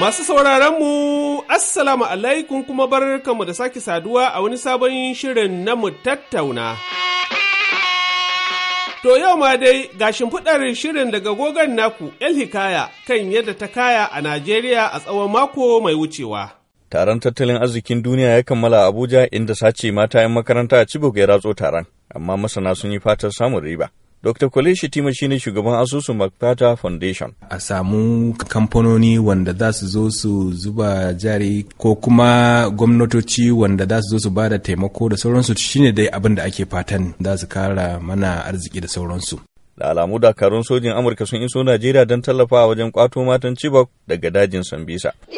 Masu mu Assalamu alaikum kuma barkanmu da sake saduwa a wani sabon shirin na mu tattauna. To yau ma dai ga shimfiɗar shirin daga gogon naku El Hikaya kan yadda ta kaya a Najeriya a tsawon mako mai wucewa. Taron tattalin arzikin duniya ya kammala Abuja inda sace mata 'yan makaranta a Chibok ya ratso taron, amma masana sun yi fatar samun riba. Dr. Kwale Shitima shine shugaban asusun Makpata Foundation. A samu kamfanoni wanda za su zo su zuba jari ko kuma gwamnatoci wanda za su zo su ba da taimako da sauransu shine dai abin da ake fatan za su kara mana arziki da sauransu. Da alamu dakarun sojin Amurka sun iso Najeriya don tallafawa wajen kwato matan Chibok daga dajin Sambisa. There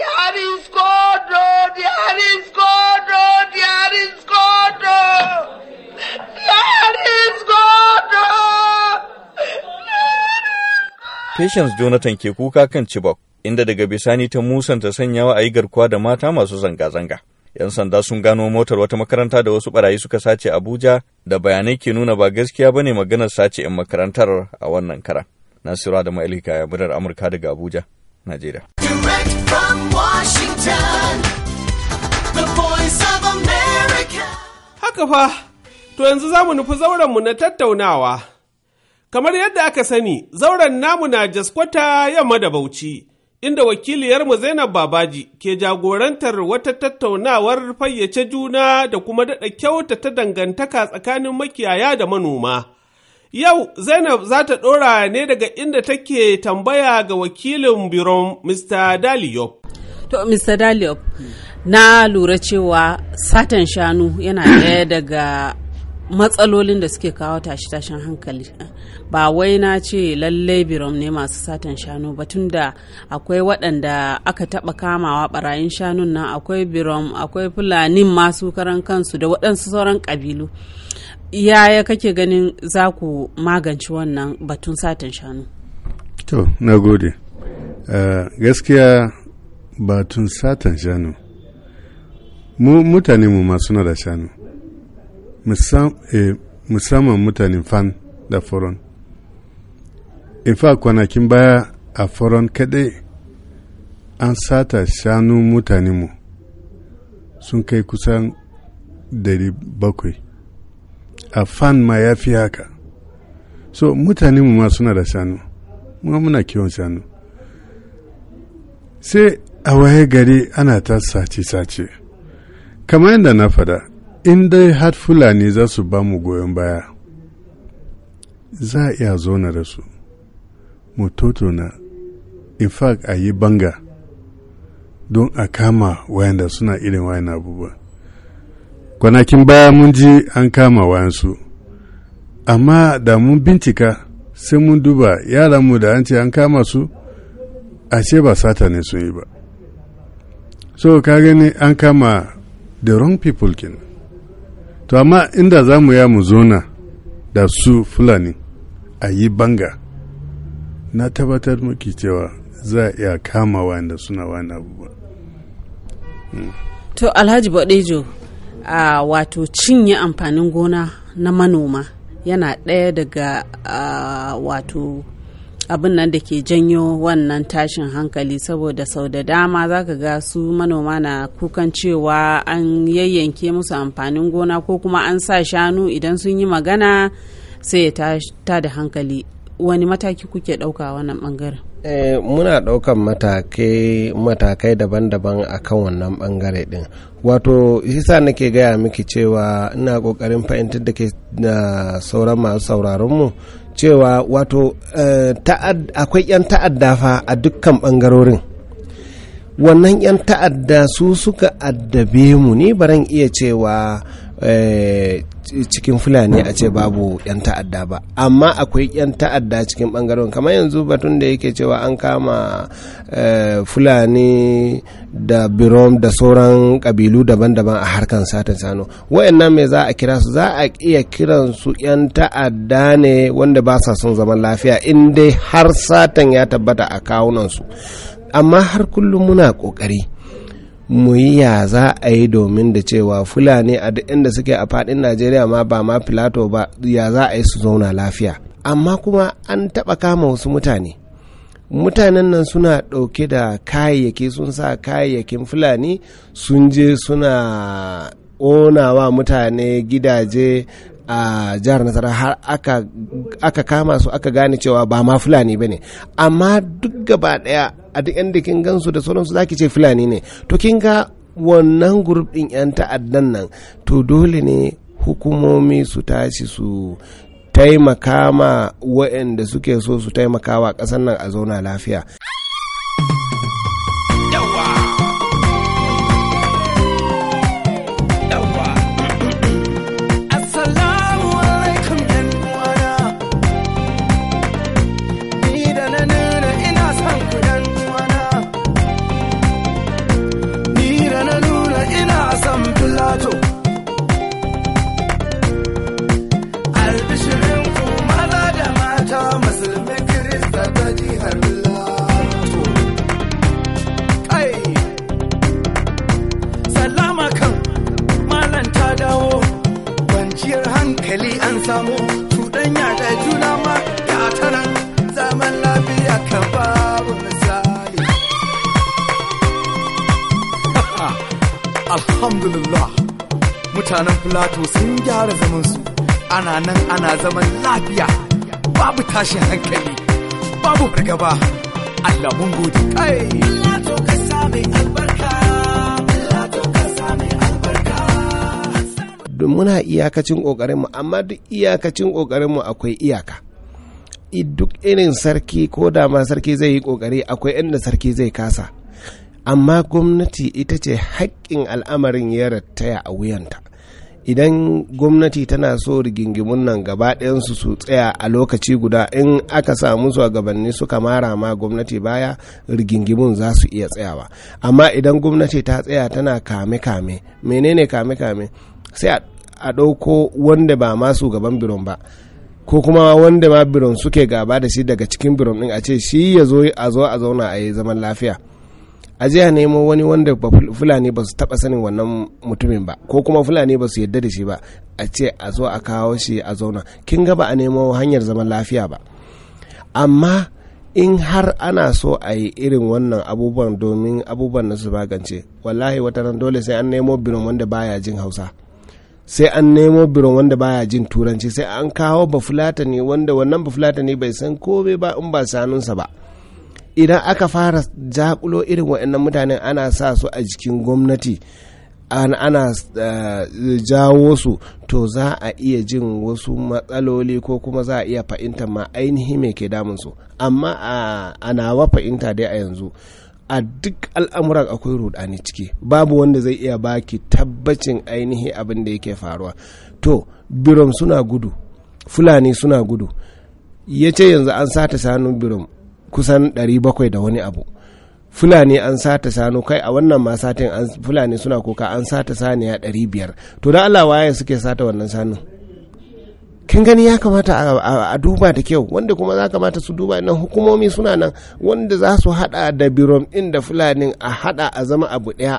Patience Jonathan ke kuka kan Chibok, inda daga bisani ta musanta sanyawa a yi garkuwa da mata masu zanga-zanga. 'Yan sanda sun gano motar wata makaranta da wasu barayi suka sace Abuja da bayanai ke nuna ba gaskiya ba ne maganar sace 'yan makarantar a wannan karan. Nasiru da Ma'ilika ya birar Amurka daga Abuja, Najeriya. Haka fa, to yanzu za mu nufi mu na tattaunawa. Kamar yadda aka sani, zauren namu na jaskwata yamma da bauchi, inda wakiliyarmu Zainab Babaji ke jagorantar wata tattaunawar fayyace juna da kuma daɗa ta dangantaka tsakanin makiyaya da manoma. Yau Zainab za ta ɗora ne daga inda take tambaya ga wakilin biron Mr. Daliop. To, Mr. Daliop, na lura cewa satan shanu yana ɗaya daga matsalolin da suke kawo tashi-tashin hankali ba wai na ce lallai birom ne masu satan shanu ba tun da akwai waɗanda aka taɓa kamawa ɓarayin shanun nan akwai birom akwai fulanin masu karan kansu da waɗansu sauran ƙabilu yaya kake ganin za ku magance wannan batun satan shanu to na gode eh, gaskiya batun satan shanu mutane mu masu na da shanu Eh, musamman mutanen fan da foron in fa kwanakin baya a foron kadai an sata shanu mutanenmu sun kai kusan 700 a fan ma ya fi haka so mutanenmu ma suna da shanu ma muna kiwon shanu sai a waye gari ana ta sace-sace kamar yadda na faɗa. in dai har fulani za su ba mu goyon baya za a iya zona da su mu totona in fact a yi banga don a kama wayanda suna irin wayan abubuwa kwanakin baya mun ji an kama wayansu amma da mun bincika sai mun duba yaranmu da an ce an kama su a ce ba sata ne sun yi ba so ka gani an kama the wrong people kenan to amma inda za mu ya mu zona da su fulani a yi banga na tabbatar muke cewa za a iya kama wanda suna wani abubuwa hmm. to alhaji badejo a wato cinye amfanin gona na manoma yana ɗaya daga wato abin nan da ke janyo wannan tashin hankali saboda sau da dama za ka ga su manoma na kukan cewa an yayyanke musu amfanin gona ko kuma an sa shanu idan sun yi magana sai ya ta da hankali wani mataki kuke ɗauka wannan ɓangaren Eh, muna ɗaukan matakai matakai daban-daban akan wannan bangare ɗin wato hisa nake gaya miki cewa ina ƙoƙarin fahimtar da ke da sauran masu sauraronmu cewa wato eh, akwai 'yan ta'adda fa a dukkan bangarorin wannan 'yan ta'adda su suka addabe mu ni baran iya cewa Eh, cikin fulani a ce babu 'yan ta'adda ba amma akwai 'yan ta'adda cikin bangaren kamar yanzu batun da yake cewa an kama eh, fulani da birom da sauran kabilu daban-daban a harkan satin sano wayannan mai za a kira su za a iya kiran su 'yan ta'adda ne wanda ba sa son zaman lafiya in dai har satan ya tabbata a kawunansu amma har kullum muna kokari mu yi ya za a yi domin da cewa fulani a duk inda suke a faɗin najeriya ma ba ma filato ba ya za a yi su zauna lafiya amma kuma an taɓa kama wasu mutane mutanen nan suna ɗauke da kayayyaki sun sa kayayyakin fulani sun je suna onawa mutane gidaje a jihar nasara har aka, kama su aka gane cewa ba ma fulani ba ne amma duk gaba daya a duk yan kin gansu da sauransu zaki ce fulani ne to kin ga wannan gurbin yan ta'addan nan to dole ne hukumomi su tashi su taimaka ma waɗanda suke so su taimaka wa ƙasar nan a zauna lafiya. alhamdulillah mutanen filato sun gyara zaman su ana nan ana zaman lafiya babu tashin hankali babu fargaba Allah mun gode kai filato ka same albarka filato ka same albarka duk muna iyakacin mu amma duk iyakacin mu akwai iyaka duk irin sarki ko da ma sarki zai yi kokari akwai inda sarki zai kasa amma gwamnati ita ce haƙƙin al'amarin ya rattaya a wuyanta idan gwamnati tana so rigingimun nan gaba ɗayansu su tsaya a lokaci guda in aka samu su a gabanni suka mara ma gwamnati baya rigingimun za su iya tsayawa amma idan gwamnati ta tsaya tana kame-kame menene kame-kame sai a ɗauko wanda ba masu gaban biron ba ko kuma wanda ma biron suke gaba da shi daga cikin biron ɗin a ce shi ya a zo a zauna a yi zaman lafiya a je a nemo wani wanda fulani ba su taba sanin wannan mutumin ba ko kuma fulani ba su yadda da shi ba a ce a zo a kawo shi a zauna kin ga ba a nemo hanyar zaman lafiya ba amma in har ana so a yi irin wannan abubuwan domin abubuwan na su magance wallahi wata ran dole sai an nemo birnin wanda baya jin hausa sai an nemo biron wanda baya jin turanci sai an kawo bafulatani wanda wannan bafulatani bai san kome ba in ba sanunsa ba idan aka fara jakulo irin waɗannan mutanen ana sa su a jikin gwamnati an ana eh, jawo su to za a iya jin wasu matsaloli ko kuma za a iya fahimtar ma ainihi mai ke damun su amma a nawa fahimta dai a yanzu a duk al'amuran akwai rudani ciki babu wanda zai iya baki tabbacin ainihi abin da yake faruwa to birom suna gudu fulani suna gudu ya ce yanzu an sata sanun birom kusan 700 da wani abu fulani an sata sanu kai a wannan ma satin fulani suna kuka an sata saniya 500 to da Allah waye suke sata wannan sanun kin gani ya kamata a duba da kyau wanda kuma za kamata su duba nan hukumomi suna nan wanda za su hada da birom din da fulani a hada a zama abu daya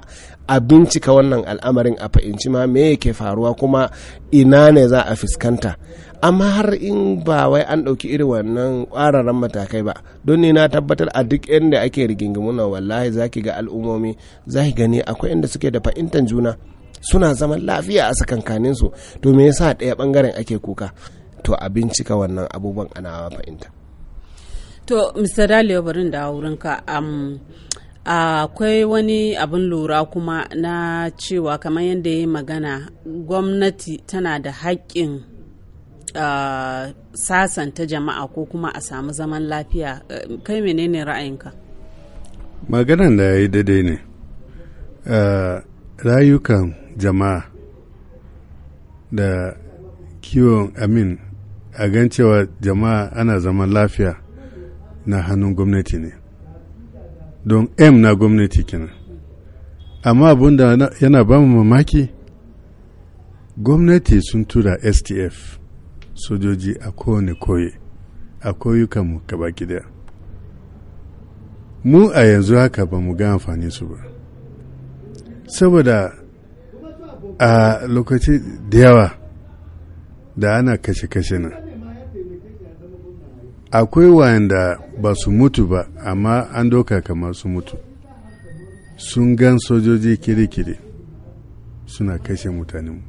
a bincika wannan al'amarin a fahimci ma me yake faruwa kuma ina ne za a fuskanta amma har in ba wai an ɗauki irin wannan ƙwararren matakai ba don ni na tabbatar a duk inda ake rigingimu na wallahi zaki ga al'ummomi ki gani akwai inda suke da fahimtar juna suna zaman lafiya a sakankanin su to me yasa ɗaya bangaren ake kuka to a bincika wannan abubuwan ana fahimta to mr dalio barin da wurinka um, akwai wani abin lura kuma na cewa kamar yadda ya magana gwamnati tana da haƙƙin sasanta jama'a ko kuma a samu zaman lafiya eh, kai menene ra'ayinka maganan da ya yi daidai ne eh, rayukan jama'a da kiwon amin a gan cewa jama'a ana zaman lafiya na hannun gwamnati ne don m na gwamnati kenan amma abinda yana ba mu mamaki gwamnati sun tura stf sojoji a kowane koye a koyukanmu baki daya mu a yanzu haka ba mu ga amfani su ba saboda a lokaci da yawa da ana kashe-kashe nan akwai wayanda ba su mutu ba amma an doka kamar su mutu sun gan sojoji kiri-kiri suna kashe mutanenmu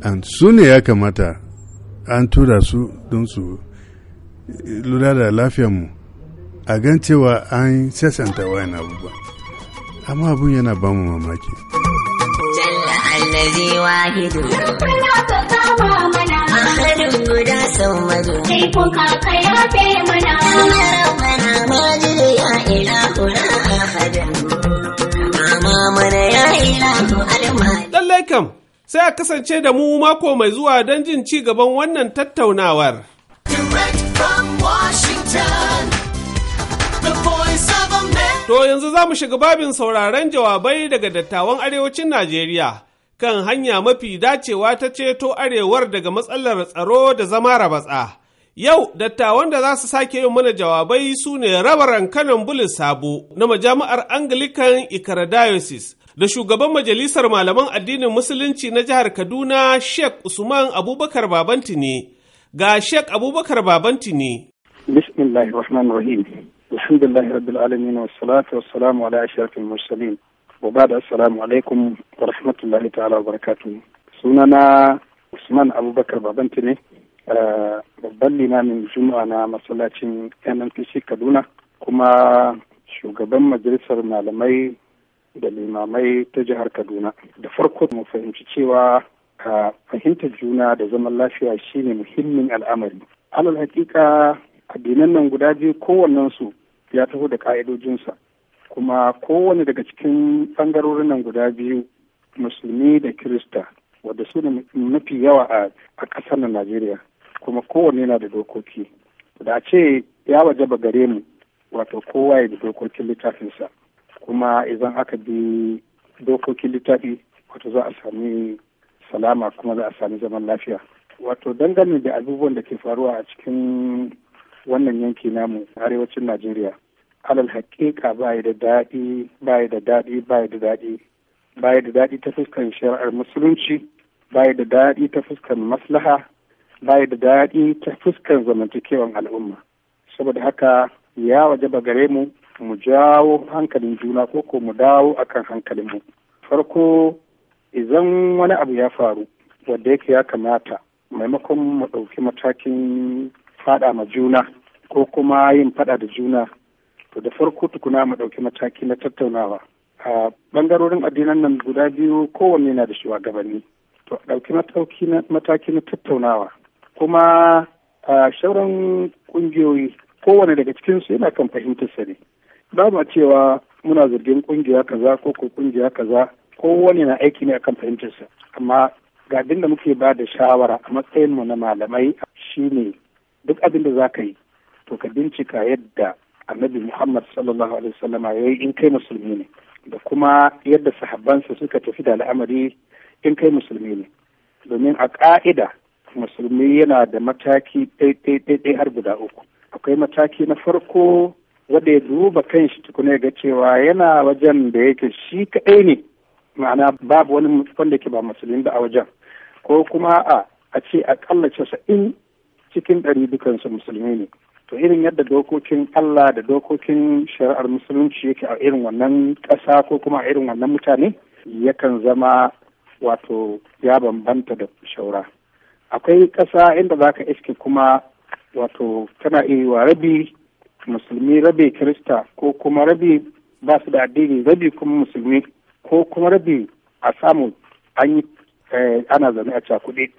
an su ne ya kamata an tura su don su lura da lafiyar mu a gancewa an sasanta wayan abubuwa amma abun yana ba mu mamaki jalla allazi wahidu ahadun guda saumadu kai kuka kayafe mana rabbana majid ya ilahuna ahadan mama mana ya ilahu alma lallai kam sai a kasance da mu mako mai zuwa don jin ci gaban wannan tattaunawar. To yanzu za mu shiga babin sauraron jawabai daga dattawan arewacin Najeriya kan hanya mafi dacewa ta ceto arewar daga matsalar tsaro da zama rabatsa. Yau dattawan da za su sake yin mana jawabai su ne rabaran kanan bulis sabo na majami'ar Anglican Ikara da shugaban majalisar malaman addinin musulunci na jihar Kaduna Sheikh Usman Abubakar Babanti ne. Ga Sheikh Abubakar Babanti ne. Bismillahir Rahmanir Rahim. Alhamdulillahi Rabbil Alamin was salatu was salam ala ashrafil mursalin. Wa ba'da assalamu alaikum wa rahmatullahi ta'ala wa barakatuh. Sunana Usman Abubakar Babanti ne. Eh, babban limamin juma'a na masallacin nnpc kaduna kuma shugaban majalisar malamai da limamai ta jihar kaduna da farko mu fahimci cewa ka fahimtar juna da zaman lafiya shine muhimmin al'amari alal hakika addinan nan guda biyu su ya taho da ka'idojinsa kuma kowane daga cikin ɓangarorin nan guda biyu musulmi da kirista wadda su ne mafi yawa a ƙasar na najeriya kuma kowanne na da dokoki da a ce ya waje ba gare mu wato kowa ya da dokokin littafinsa kuma idan aka bi dokokin littafi wato za a sami salama kuma za a sami zaman lafiya wato dangane da abubuwan da ke faruwa a cikin wannan yanki namu a arewacin najeriya alal haƙiƙa ba da daɗi ba da daɗi ba da daɗi ba da daɗi ta fuskan shari'ar musulunci ba da daɗi ta fuskan maslaha ba da daɗi ta fuskan zamantakewan al'umma saboda haka ya waje gare mu mu jawo hankalin juna ko ko mu dawo akan hankalin mu farko idan wani abu ya faru wadda yake ya kamata maimakon mu ɗauki matakin faɗa ma juna ko kuma yin faɗa da juna to da farko tukuna mu ɗauki mataki na tattaunawa a bangarorin addinan nan guda biyu kowanne na da shugabanni to ɗauki mataki na tattaunawa kuma a shauran ƙungiyoyi kowane daga cikinsu yana kan fahimtarsa ne ba cewa muna zargin kungiya kaza ko ko kungiya kaza kowane na aiki ne akan fahimtarsa amma ga abin da muke ba da shawara a matsayin mu na malamai shine duk abin da za ka yi to ka bincika yadda annabi muhammad sallallahu alaihi wasallama ya yi in kai musulmi ne da kuma yadda sahabbansa suka tafi da al'amari in kai musulmi ne domin a ka'ida. musulmi yana da mataki ɗaiɗaiɗaiɗai har guda uku akwai mataki na farko wanda ya duba kan shi tukuna ga cewa yana wajen da yake shi kaɗai ne ma'ana babu wani wanda ke ba musulmi ba a wajen ko kuma a a ce akalla casa'in cikin ɗari dukansu musulmi ne to irin yadda dokokin Allah da dokokin shari'ar musulunci yake a irin wannan ƙasa ko kuma a irin wannan mutane yakan zama wato ya bambanta da shaura akwai ƙasa inda za ka iske kuma wato tana iya rabi musulmi rabi kirista ko kuma rabi ba su da addini rabi kuma musulmi ko kuma rabi a samu an yi eh, ana zane a cakuɗe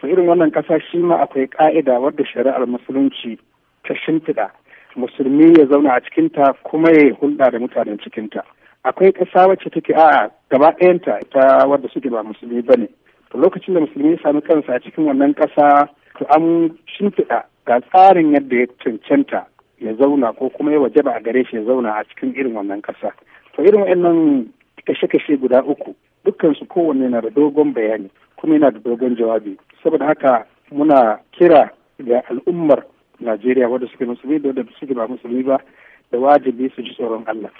to irin wannan ƙasa shi ma akwai ƙa'ida wadda shari'ar musulunci ta shimfiɗa musulmi ya zauna a cikinta kuma ya yi hulɗa da mutanen cikinta akwai ƙasa wacce take a gaba ɗayanta ta wadda suke ba musulmi ba ne to lokacin da musulmi ya sami kansa a cikin wannan ƙasa to an shimfiɗa ga tsarin yadda ya cancanta ya zauna ko kuma ya wajaba a gare shi ya zauna a cikin irin wannan ƙasa to irin wannan kashe-kashe guda uku dukkansu kowanne na da dogon bayani kuma yana da dogon jawabi saboda haka muna kira ga al'ummar najeriya wadda suke musulmi da wadda suke ba musulmi ba da wajibi su ji tsoron allah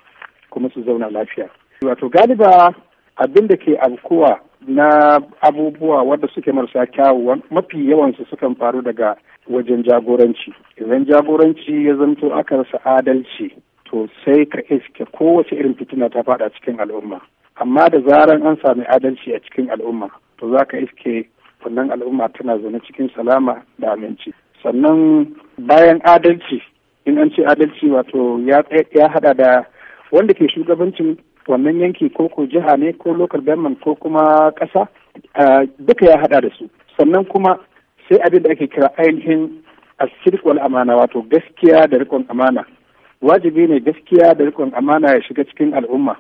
kuma su zauna lafiya wato galiba abinda da ke abkuwa na abubuwa wadda suke marasa kyawu mafi yawansu sukan faru daga wajen jagoranci idan jagoranci ya zanto aka rasa adalci to sai ka iske kowace irin fitina ta faɗa cikin al'umma amma da zarar an sami adalci a cikin al'umma to za ka iske wannan al'umma tana zaune cikin salama da aminci sannan bayan adalci in an ce adalci wato ya haɗa da wanda ke shugabancin wannan yanki ko ko jiha ne ko lokal government ko kuma ƙasa eh, duka ya haɗa da su sannan kuma sai abin da ake kira ainihin asirk amana wato gaskiya da rikon amana wajibi ne gaskiya da rikon amana ya shiga cikin al'umma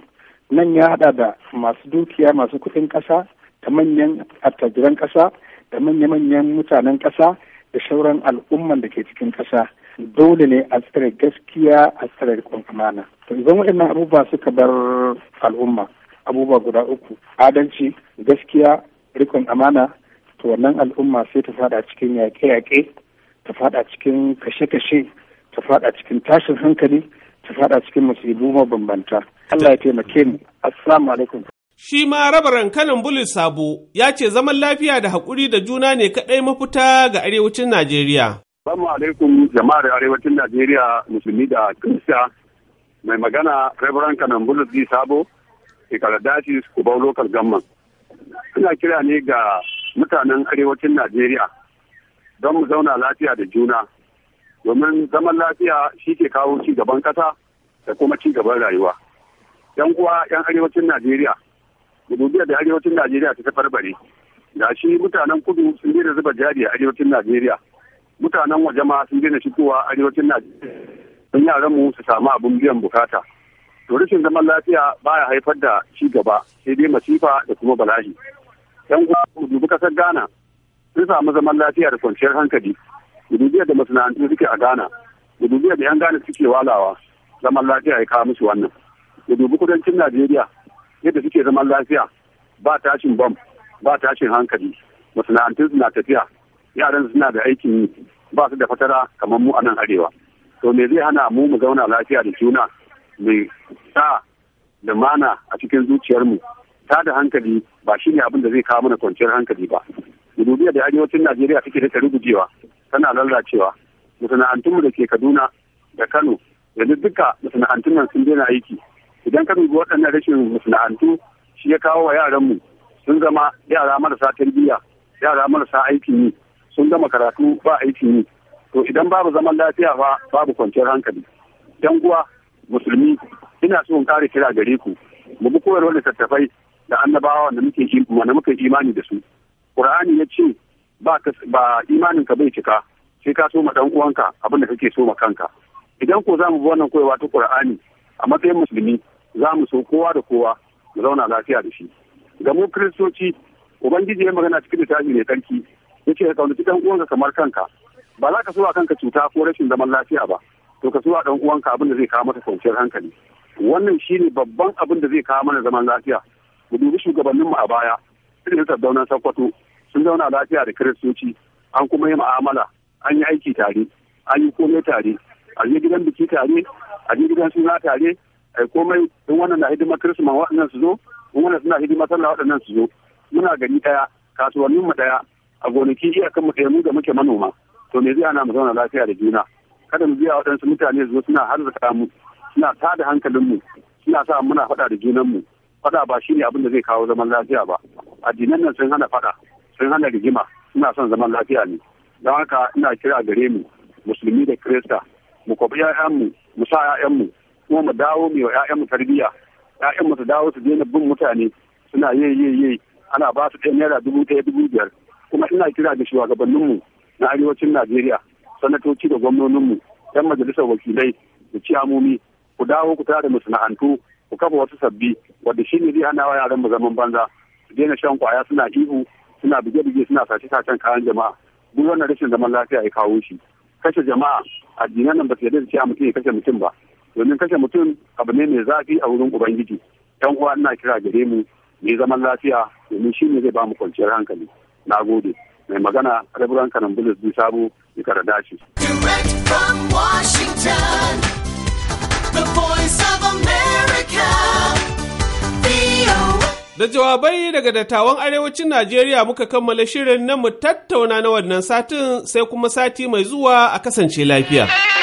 nan ya haɗa da masu dukiya masu kuɗin ƙasa da manyan attajiran ƙasa da manya-manyan mutanen ƙasa da sauran al'umman da ke cikin ƙasa dole ne a tsare gaskiya a tsare rikon amana to idan waɗannan abubuwa suka bar al'umma abubuwa guda uku adalci gaskiya rikon amana to wannan al'umma sai ta fada cikin yaƙe-yaƙe ta fada cikin kashe-kashe ta fada cikin tashin hankali ta fada cikin musibu mabambanta Allah ya taimake mu assalamu alaikum shi ma raba rankanin bulis sabo ya ce zaman lafiya da haƙuri da juna ne kaɗai mafita ga arewacin najeriya Assalamu alaikum jama'ar arewacin Najeriya musulmi da Kirista mai magana Reverend Kanan Bulutsi Sabo Ikara Dashis Kubau Local Gamman. Ina kira ne ga mutanen arewacin Najeriya don mu zauna lafiya da juna domin zaman lafiya shi ke kawo ci gaban ƙasa da kuma ci gaban rayuwa. Yan uwa yan arewacin Najeriya, gudubiyar da arewacin Najeriya ta farbare. da shi mutanen kudu sun da zuba jari a arewacin Najeriya. mutanen waje ma sun daina shigowa arewacin najeriya don yaran mu su samu abin biyan bukata to rashin zaman lafiya baya haifar da ci gaba sai dai masifa da kuma balashi yan ku dubu kasar ghana sun samu zaman lafiya da kwanciyar hankali biyar da masana'antu suke a ghana biyar da yan ghana suke walawa zaman lafiya ya kawo musu wannan gudubi kudancin najeriya yadda suke zaman lafiya ba tashin bam ba tashin hankali masana'antu suna tafiya yaran suna da aikin yi ba su da fatara kamar mu a nan arewa to me zai hana mu mu zauna lafiya da juna mai sa da lumana a cikin zuciyarmu ta da hankali ba shi ne abin da zai kawo mana kwanciyar hankali ba dubiya da arewacin najeriya take da rugujewa tana lalacewa masana'antunmu da ke kaduna da kano yanzu duka masana'antun nan sun daina aiki idan ka dubi waɗannan rashin masana'antu shi ya kawo wa yaranmu sun zama yara marasa tarbiyya yara marasa aikin yi sun gama karatu ba aiki yi to idan babu zaman lafiya ba babu kwanciyar hankali yan uwa musulmi ina so in kare kira gare ku mu bi koyarwar littattafai da annabawa da muke wanda muke imani da su qur'ani ya ce ba ba imanin ka bai cika sai ka soma ma dan uwanka abin da kake so ma kanka idan ko zamu bi wannan koyarwa ta qur'ani a matsayin musulmi za mu so kowa da kowa mu zauna lafiya da shi ga mu kiristoci ubangiji ya magana cikin littafi ne sarki yake ka kaunaci dan uwanka kamar kanka ba za ka so a kanka cuta ko rashin zaman lafiya ba to ka so a dan uwanka abin da zai kawo mata kwanciyar hankali wannan shine babban abin da zai kawo mana zaman lafiya mu dubi shugabanninmu a baya irin sardaunan sakkwato sun zauna lafiya da kiristoci an kuma yi mu'amala an yi aiki tare an yi komai tare a yi gidan biki tare a yi gidan suna tare a komai in wannan na hidimar kirisma waɗannan su zo in wannan suna hidimar sallah waɗannan su zo muna gani ɗaya kasuwannin mu ɗaya a gonaki iyakan mu mu da muke manoma to me zai ana mu zauna lafiya da juna kada mu biya waɗansu mutane zuwa suna harzuka mu suna tada hankalin mu suna sa muna faɗa da junan mu faɗa ba shine abin da zai kawo zaman lafiya ba addinan nan sun hana faɗa sun hana rigima suna son zaman lafiya ne don haka ina kira gare mu musulmi da kirista mu kwabi ƴaƴanmu mu sa mu kuma mu dawo mu wa mu tarbiyya mu su dawo su daina bin mutane suna yi ana ba su ɗaya naira dubu ɗaya dubu biyar kuma ina kira da shugabanninmu na arewacin najeriya sanatoci da gwamnoninmu yan majalisar wakilai da ciyamomi ku dawo ku tara da masana'antu ku kafa wasu sabbi wadda shi ne zai hana wa yaran mu zaman banza su daina shan kwaya suna ihu suna buge-buge suna sace-sacen kayan jama'a duk wannan rashin zaman lafiya ya kawo shi kashe jama'a addinan nan ba su yarda da cewa mutum ya kashe mutum ba domin kashe mutum abu ne mai zafi a wurin ubangiji yan uwa ina kira gare mu mai zaman lafiya domin shi ne zai ba mu kwanciyar hankali na gode mai magana rabiran kanan bulus bin sabo da shi. Da jawabai daga dattawan arewacin Najeriya muka kammala shirin na mu tattauna na wannan satin sai kuma sati mai zuwa a kasance lafiya.